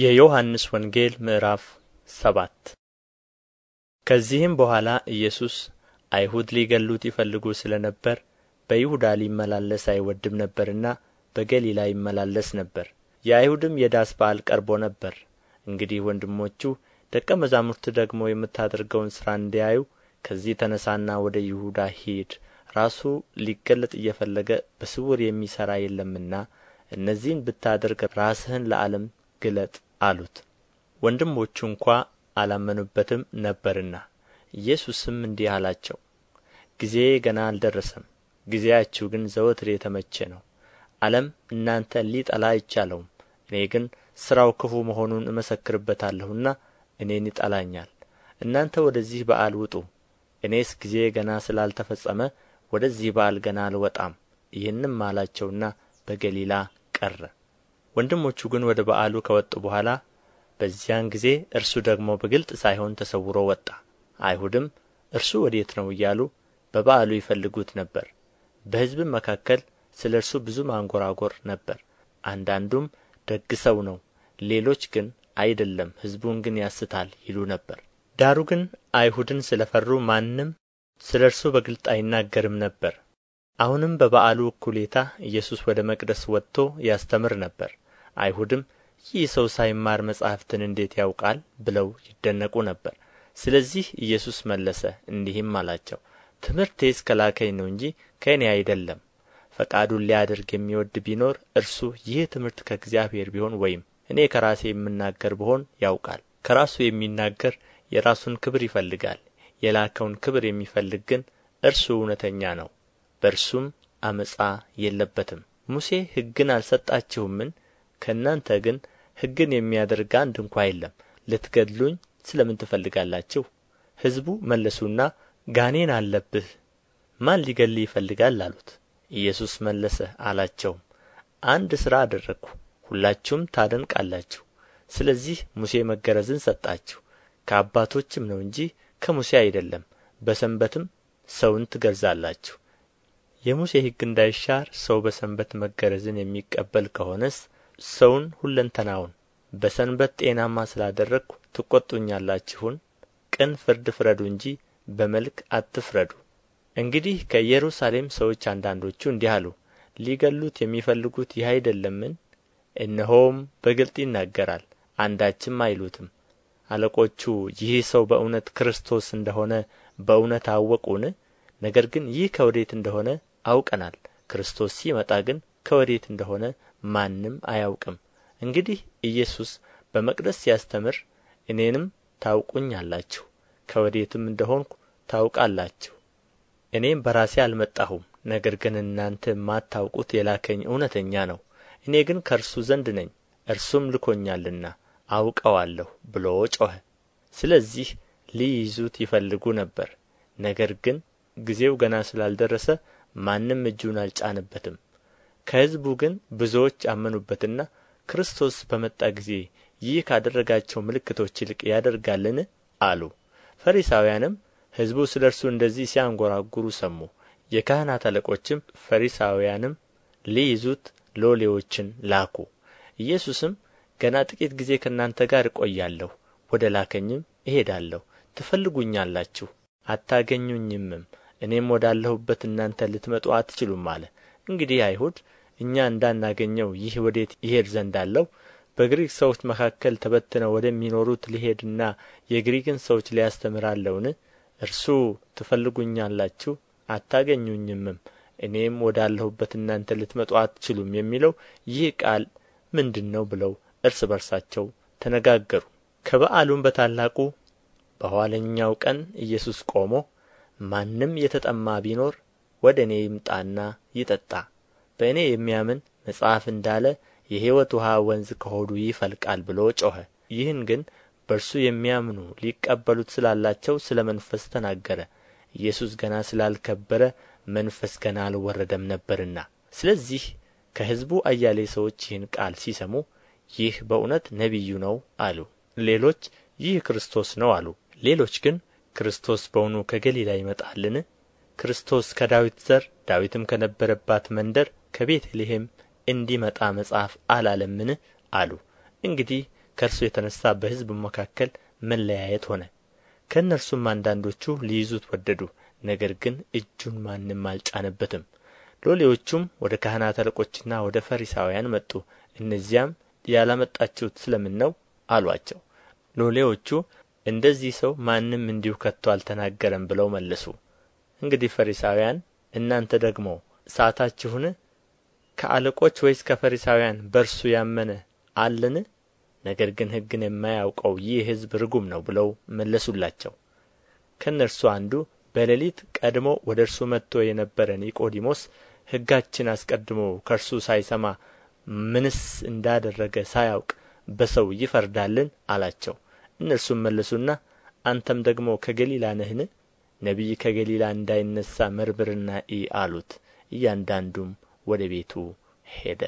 የዮሐንስ ወንጌል ምዕራፍ ሰባት ከዚህም በኋላ ኢየሱስ አይሁድ ሊገሉት ይፈልጉ ስለ ነበር በይሁዳ ሊመላለስ አይወድም ነበርና በገሊላ ይመላለስ ነበር። የአይሁድም የዳስ በዓል ቀርቦ ነበር። እንግዲህ ወንድሞቹ ደቀ መዛሙርት ደግሞ የምታደርገውን ሥራ እንዲያዩ ከዚህ ተነሳና ወደ ይሁዳ ሂድ፣ ራሱ ሊገለጥ እየፈለገ በስውር የሚሠራ የለምና እነዚህን ብታደርግ ራስህን ለዓለም ግለጥ አሉት ወንድሞቹ እንኳ አላመኑበትም ነበርና ኢየሱስም እንዲህ አላቸው ጊዜ ገና አልደረሰም ጊዜያችሁ ግን ዘወትር የተመቸ ነው ዓለም እናንተን ሊጠላ አይቻለውም እኔ ግን ሥራው ክፉ መሆኑን እመሰክርበታለሁና እኔን ይጠላኛል እናንተ ወደዚህ በዓል ውጡ እኔስ ጊዜ ገና ስላልተፈጸመ ወደዚህ በዓል ገና አልወጣም ይህንም አላቸውና በገሊላ ቀረ ወንድሞቹ ግን ወደ በዓሉ ከወጡ በኋላ በዚያን ጊዜ እርሱ ደግሞ በግልጥ ሳይሆን ተሰውሮ ወጣ። አይሁድም እርሱ ወዴት ነው እያሉ በበዓሉ ይፈልጉት ነበር። በሕዝብም መካከል ስለ እርሱ ብዙ ማንጎራጎር ነበር። አንዳንዱም ደግ ሰው ነው፣ ሌሎች ግን አይደለም፣ ሕዝቡን ግን ያስታል ይሉ ነበር። ዳሩ ግን አይሁድን ስለ ፈሩ ማንም ስለ እርሱ በግልጥ አይናገርም ነበር። አሁንም በበዓሉ እኩሌታ ኢየሱስ ወደ መቅደስ ወጥቶ ያስተምር ነበር። አይሁድም ይህ ሰው ሳይማር መጻሕፍትን እንዴት ያውቃል ብለው ይደነቁ ነበር ስለዚህ ኢየሱስ መለሰ እንዲህም አላቸው ትምህርቴስ ከላከኝ ነው እንጂ ከእኔ አይደለም ፈቃዱን ሊያደርግ የሚወድ ቢኖር እርሱ ይህ ትምህርት ከእግዚአብሔር ቢሆን ወይም እኔ ከራሴ የምናገር ብሆን ያውቃል ከራሱ የሚናገር የራሱን ክብር ይፈልጋል የላከውን ክብር የሚፈልግ ግን እርሱ እውነተኛ ነው በእርሱም አመፃ የለበትም ሙሴ ሕግን አልሰጣችሁምን ከእናንተ ግን ሕግን የሚያደርግ አንድ እንኳ የለም ልትገድሉኝ ስለ ምን ትፈልጋላችሁ ሕዝቡ መለሱና ጋኔን አለብህ ማን ሊገል ይፈልጋል አሉት ኢየሱስ መለሰ አላቸውም አንድ ሥራ አደረግሁ ሁላችሁም ታደንቃላችሁ ስለዚህ ሙሴ መገረዝን ሰጣችሁ ከአባቶችም ነው እንጂ ከሙሴ አይደለም በሰንበትም ሰውን ትገርዛላችሁ የሙሴ ሕግ እንዳይሻር ሰው በሰንበት መገረዝን የሚቀበል ከሆነስ ሰውን ሁለንተናውን በሰንበት ጤናማ ስላደረግሁ ትቈጡኛላችሁን ቅን ፍርድ ፍረዱ እንጂ በመልክ አትፍረዱ እንግዲህ ከኢየሩሳሌም ሰዎች አንዳንዶቹ እንዲህ አሉ ሊገሉት የሚፈልጉት ይህ አይደለምን እነሆም በግልጥ ይናገራል አንዳችም አይሉትም አለቆቹ ይህ ሰው በእውነት ክርስቶስ እንደሆነ በእውነት አወቁን ነገር ግን ይህ ከወዴት እንደሆነ አውቀናል ክርስቶስ ሲመጣ ግን ከወዴት እንደሆነ ማንም አያውቅም እንግዲህ ኢየሱስ በመቅደስ ሲያስተምር እኔንም ታውቁኛላችሁ ከወዴትም እንደሆንኩ ታውቃላችሁ እኔም በራሴ አልመጣሁም ነገር ግን እናንተ የማታውቁት የላከኝ እውነተኛ ነው እኔ ግን ከእርሱ ዘንድ ነኝ እርሱም ልኮኛልና አውቀዋለሁ ብሎ ጮኸ ስለዚህ ሊይዙት ይፈልጉ ነበር ነገር ግን ጊዜው ገና ስላልደረሰ ማንም እጁን አልጫነበትም ከሕዝቡ ግን ብዙዎች አመኑበትና ክርስቶስ በመጣ ጊዜ ይህ ካደረጋቸው ምልክቶች ይልቅ ያደርጋልን አሉ ፈሪሳውያንም ሕዝቡ ስለ እርሱ እንደዚህ ሲያንጐራጕሩ ሰሙ የካህናት አለቆችም ፈሪሳውያንም ሊይዙት ሎሌዎችን ላኩ ኢየሱስም ገና ጥቂት ጊዜ ከእናንተ ጋር እቆያለሁ ወደ ላከኝም እሄዳለሁ ትፈልጉኛላችሁ አታገኙኝምም እኔም ወዳለሁበት እናንተ ልትመጡ አትችሉም አለ እንግዲህ አይሁድ እኛ እንዳናገኘው ይህ ወዴት ይሄድ ዘንድ አለው በግሪክ ሰዎች መካከል ተበትነው ወደሚኖሩት ሊሄድና የግሪክን ሰዎች ሊያስተምር አለውን እርሱ ትፈልጉኛላችሁ አታገኙኝምም እኔም ወዳለሁበት እናንተ ልትመጡ አትችሉም የሚለው ይህ ቃል ምንድን ነው ብለው እርስ በርሳቸው ተነጋገሩ ከበዓሉም በታላቁ በኋለኛው ቀን ኢየሱስ ቆሞ ማንም የተጠማ ቢኖር ወደ እኔ ይምጣና ይጠጣ በእኔ የሚያምን መጽሐፍ እንዳለ የሕይወት ውሃ ወንዝ ከሆዱ ይፈልቃል ብሎ ጮኸ ይህን ግን በእርሱ የሚያምኑ ሊቀበሉት ስላላቸው ስለ መንፈስ ተናገረ ኢየሱስ ገና ስላልከበረ መንፈስ ገና አልወረደም ነበርና ስለዚህ ከሕዝቡ አያሌ ሰዎች ይህን ቃል ሲሰሙ ይህ በእውነት ነቢዩ ነው አሉ ሌሎች ይህ ክርስቶስ ነው አሉ ሌሎች ግን ክርስቶስ በውኑ ከገሊላ ይመጣልን ክርስቶስ ከዳዊት ዘር ዳዊትም ከነበረባት መንደር ከቤተ ልሔም እንዲመጣ መጽሐፍ አላለምን አሉ እንግዲህ ከእርሱ የተነሳ በሕዝብ መካከል መለያየት ሆነ ከእነርሱም አንዳንዶቹ ሊይዙት ወደዱ ነገር ግን እጁን ማንም አልጫነበትም ሎሌዎቹም ወደ ካህናት አለቆችና ወደ ፈሪሳውያን መጡ እነዚያም ያላመጣችሁት ስለምን ነው አሏቸው። ሎሌዎቹ እንደዚህ ሰው ማንም እንዲሁ ከቶ አልተናገረም ብለው መለሱ እንግዲህ ፈሪሳውያን እናንተ ደግሞ ሳታችሁን ከአለቆች ወይስ ከፈሪሳውያን በርሱ ያመነ አለን ነገር ግን ሕግን የማያውቀው ይህ ሕዝብ ርጉም ነው ብለው መለሱላቸው። ከእነርሱ አንዱ በሌሊት ቀድሞ ወደ እርሱ መጥቶ የነበረ ኒቆዲሞስ ሕጋችን አስቀድሞ ከእርሱ ሳይሰማ ምንስ እንዳደረገ ሳያውቅ በሰው ይፈርዳልን? አላቸው። እነርሱም መለሱና አንተም ደግሞ ከገሊላ ነህን? ነቢይ ከገሊላ እንዳይነሣ መርምርና እይ አሉት እያንዳንዱም ወደ ቤቱ ሄደ